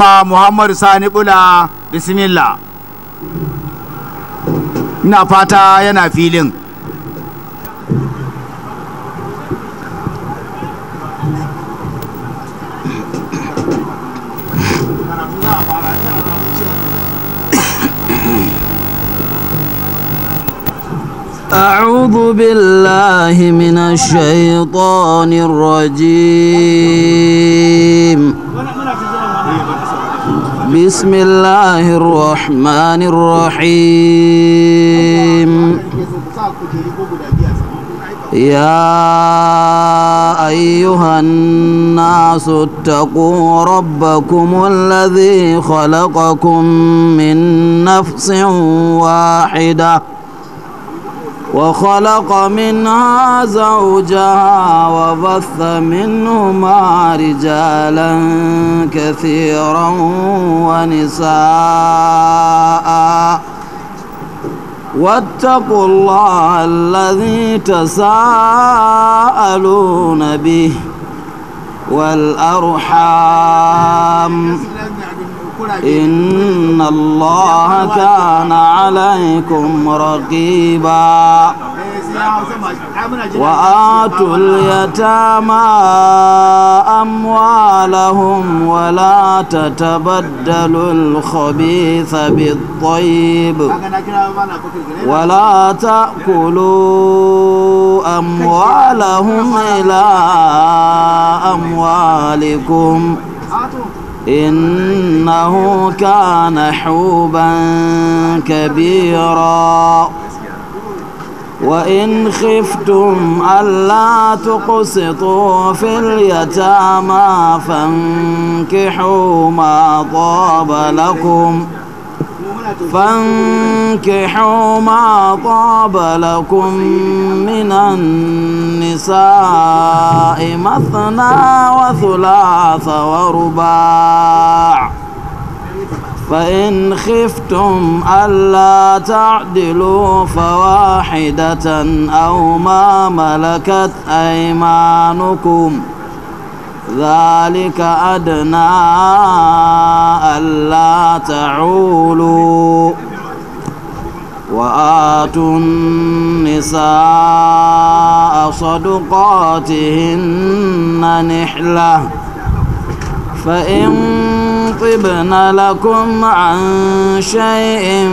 ma muhammadu sani bula bismillah ina fata yana filin أعوذ بالله من الشيطان الرجيم بسم الله الرحمن الرحيم يا أيها الناس اتقوا ربكم الذي خلقكم من نفس واحده وخلق منها زوجها وبث منهما رجالا كثيرا ونساء واتقوا الله الذي تساءلون به والأرحام إن الله كان عليكم رقيبا وآتوا اليتامى أموالهم ولا تتبدلوا الخبيث بالطيب ولا تأكلوا أموالهم إلى أموالكم إنه كان حوبا كبيرا وإن خفتم ألا تقسطوا في اليتامى فانكحوا ما طاب لكم ۖ فانكحوا ما طاب لكم من النساء مثنى وثلاث ورباع فإن خفتم ألا تعدلوا فواحدة أو ما ملكت أيمانكم ۖ ذلك أدنى ألا تعولوا وآتوا النساء صدقاتهن نحلة فإن طبن لكم عن شيء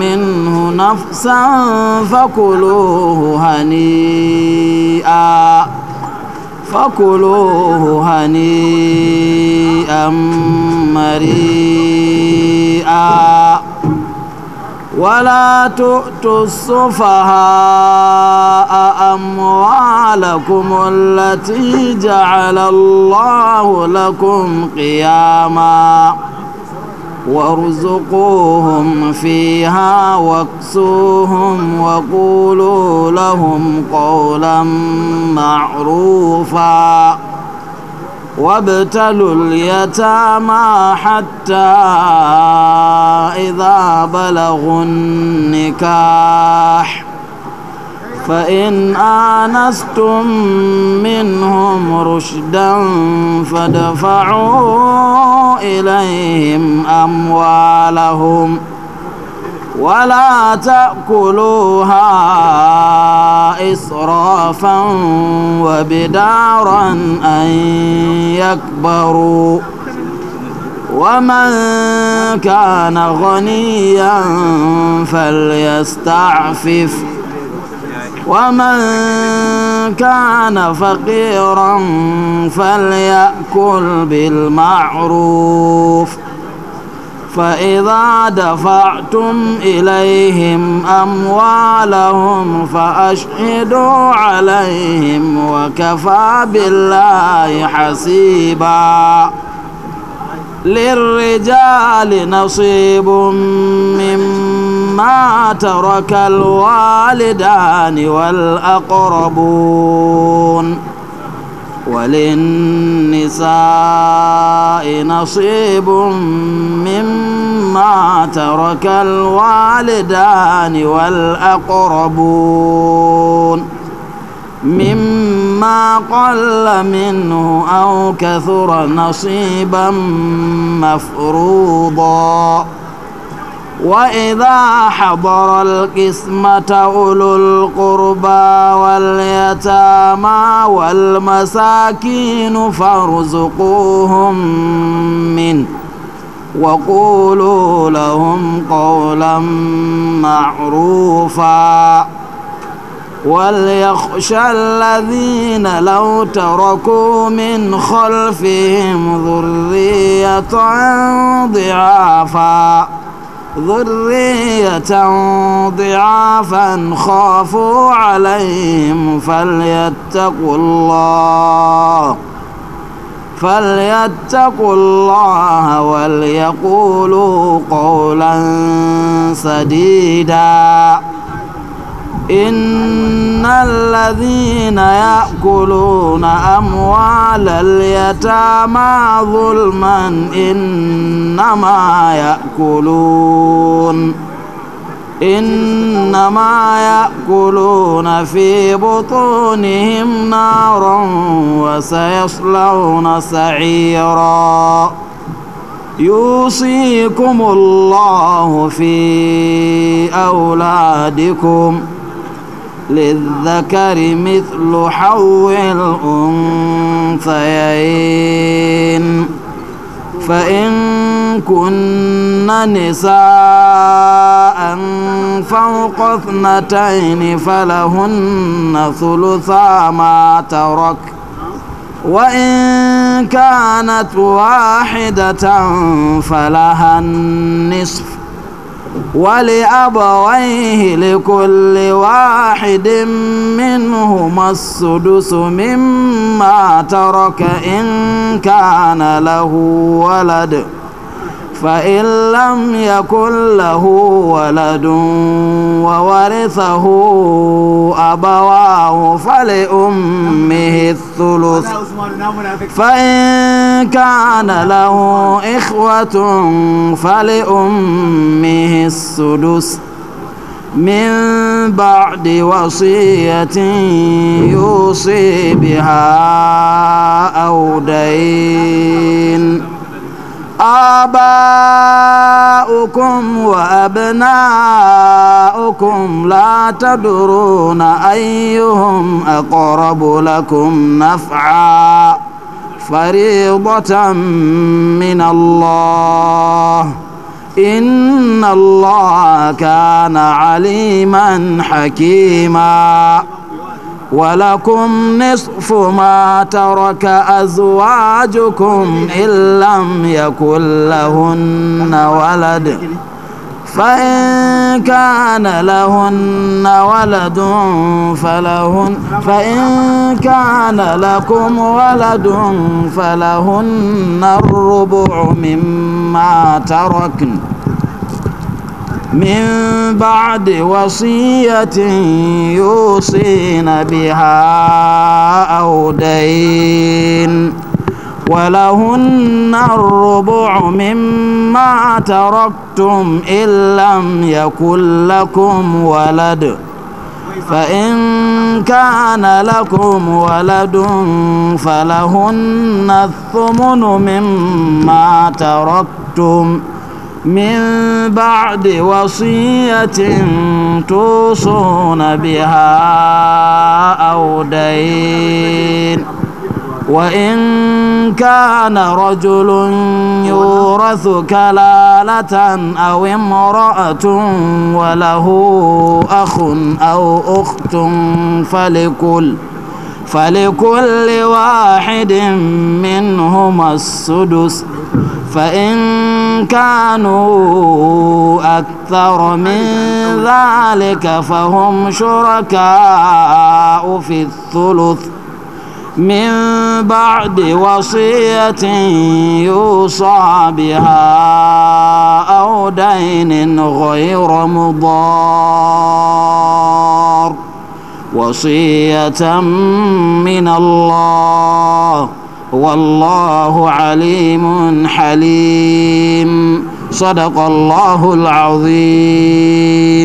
منه نفسا فكلوه هنيئا فكلوه هنيئا مريئا ولا تؤتوا السفهاء أموالكم التي جعل الله لكم قياماً وارزقوهم فيها واكسوهم وقولوا لهم قولا معروفا وابتلوا اليتامى حتى إذا بلغوا النكاح فإن آنستم منهم رشدا فادفعوا إليهم أموالهم ولا تأكلوها إسرافا وبدارا أن يكبروا ومن كان غنيا فليستعفف ومن كان فقيرا فليأكل بالمعروف فإذا دفعتم إليهم أموالهم فأشهدوا عليهم وكفى بالله حسيبا للرجال نصيب مما ما ترك الوالدان والأقربون وللنساء نصيب مما ترك الوالدان والأقربون مما قل منه أو كثر نصيبا مفروضا وإذا حضر القسمة أولو القربى واليتامى والمساكين فارزقوهم من وقولوا لهم قولا معروفا وليخشى الذين لو تركوا من خلفهم ذرية ضعافا ذرية ضعافا خافوا عليهم فليتقوا الله فليتقوا الله وليقولوا قولا سديدا الذين يأكلون أموال اليتامى ظلما إنما يأكلون إنما يأكلون في بطونهم نارا وسيصلون سعيرا يوصيكم الله في أولادكم ۖ للذكر مثل حو الأنثيين فإن كن نساء فوق اثنتين فلهن ثلثا ما ترك وإن كانت واحدة فلها النصف ولأبويه لكل واحد منهما السدس مما ترك إن كان له ولد فإن لم يكن له ولد وورثه أبواه فلأمه الثلث فإن كان له إخوة فلأمه السدس من بعد وصية يوصي بها أو دين آباؤكم وأبناؤكم لا تدرون أيهم أقرب لكم نفعا فريضة من الله إن الله كان عليما حكيما ولكم نصف ما ترك أزواجكم إن لم يكن لهن ولد فإن كان لهن ولد فلهن فإن كان لكم ولد فلهن الربع مما تركن من بعد وصية يوصين بها أو دين ولهن الربع مما تركتم إن لم يكن لكم ولد فإن كان لكم ولد فلهن الثمن مما تركتم من بعد وصية توصون بها أو دين وإن كان رجل يورث كلالة أو امرأة وله أخ أو أخت فلكل فلكل واحد منهما السدس فإن كانوا أكثر من ذلك فهم شركاء في الثلث من بعد وصية يوصى بها أو دين غير مضار وصية من الله والله عليم حليم صدق الله العظيم